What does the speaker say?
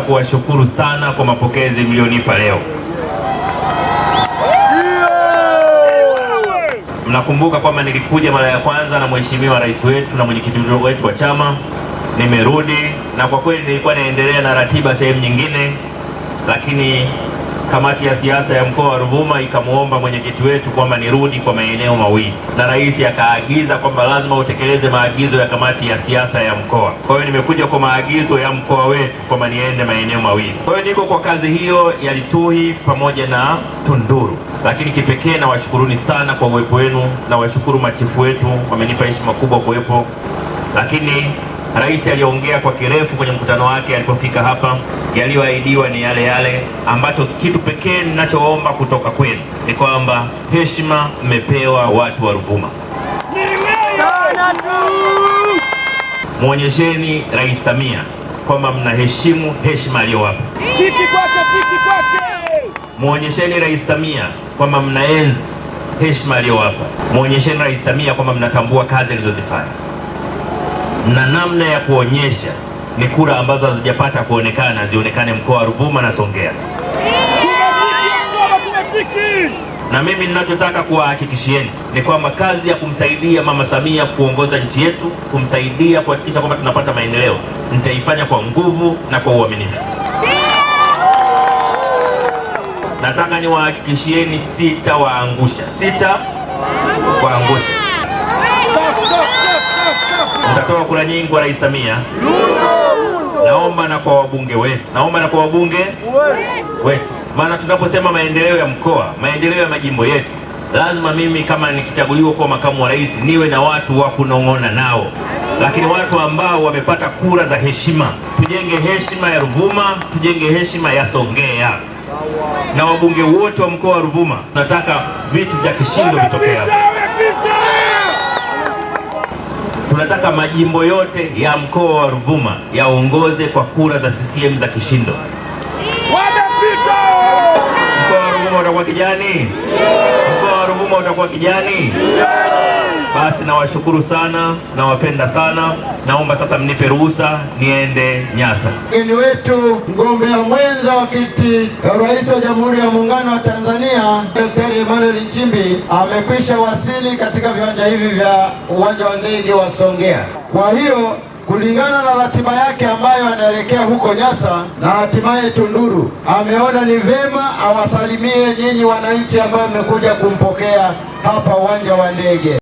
kuwashukuru sana kwa mapokezi mlionipa leo. Mnakumbuka kwamba nilikuja mara ya kwanza na mheshimiwa rais wetu na mwenyekiti wetu wa chama, nimerudi na kwa kweli nilikuwa naendelea na ratiba sehemu nyingine, lakini Kamati ya siasa ya mkoa wa Ruvuma ikamwomba mwenyekiti wetu kwamba nirudi kwa maeneo mawili, na rais akaagiza kwamba lazima utekeleze maagizo ya kamati ya siasa ya mkoa. Kwa hiyo nimekuja kwa maagizo ya mkoa wetu kwamba niende maeneo mawili. Kwa hiyo niko kwa kazi hiyo ya Lituhi pamoja na Tunduru, lakini kipekee na washukuruni sana kwa uwepo wenu na washukuru machifu wetu, wamenipa heshima kubwa kuwepo, lakini Rais aliongea kwa kirefu kwenye mkutano wake alipofika hapa. Yaliyoahidiwa ni yale yale, ambacho kitu pekee ninachoomba kutoka kwenu ni kwamba heshima mmepewa watu wa Ruvuma, mwonyesheni Rais Samia kwamba mnaheshimu heshima aliyowapa. Mwonyesheni Rais Samia kwamba mnaenzi heshima aliyowapa. Mwonyesheni Rais Samia kwamba mnatambua kazi alizozifanya na namna ya kuonyesha ni kura ambazo hazijapata kuonekana zionekane mkoa wa Ruvuma na Songea. Na mimi ninachotaka kuwahakikishieni ni kwamba kazi ya kumsaidia Mama Samia kuongoza nchi yetu, kumsaidia kuhakikisha kwamba tunapata maendeleo, nitaifanya kwa nguvu na kwa uaminifu. Nataka niwahakikishieni, sitawaangusha, sitawaangusha watoa kura nyingi wa Rais Samia, naomba na kwa wabunge wetu, naomba na kwa wabunge wetu, maana tunaposema maendeleo ya mkoa, maendeleo ya majimbo yetu, lazima mimi kama nikichaguliwa kuwa makamu wa rais niwe na watu wa kunong'ona nao, lakini watu ambao wamepata kura za heshima. Tujenge heshima ya Ruvuma, tujenge heshima ya Songea na wabunge wote wa mkoa wa Ruvuma, tunataka vitu vya kishindo vitokea tunataka majimbo yote ya mkoa wa Ruvuma yaongoze kwa kura za CCM za kishindo. Mkoa wa Ruvuma utakuwa kijani, mkoa wa Ruvuma utakuwa kijani. Basi nawashukuru sana, nawapenda sana. Naomba sasa mnipe ruhusa niende Nyasa. Mgeni wetu mgombea mwenza wa kiti rais wa Jamhuri ya Muungano wa Tanzania Daktari Emmanuel Nchimbi amekwisha wasili katika viwanja hivi vya uwanja wa ndege wa Songea. Kwa hiyo kulingana na ratiba yake ambayo anaelekea huko Nyasa na hatimaye Tunduru, ameona ni vema awasalimie nyinyi wananchi ambao mmekuja kumpokea hapa uwanja wa ndege.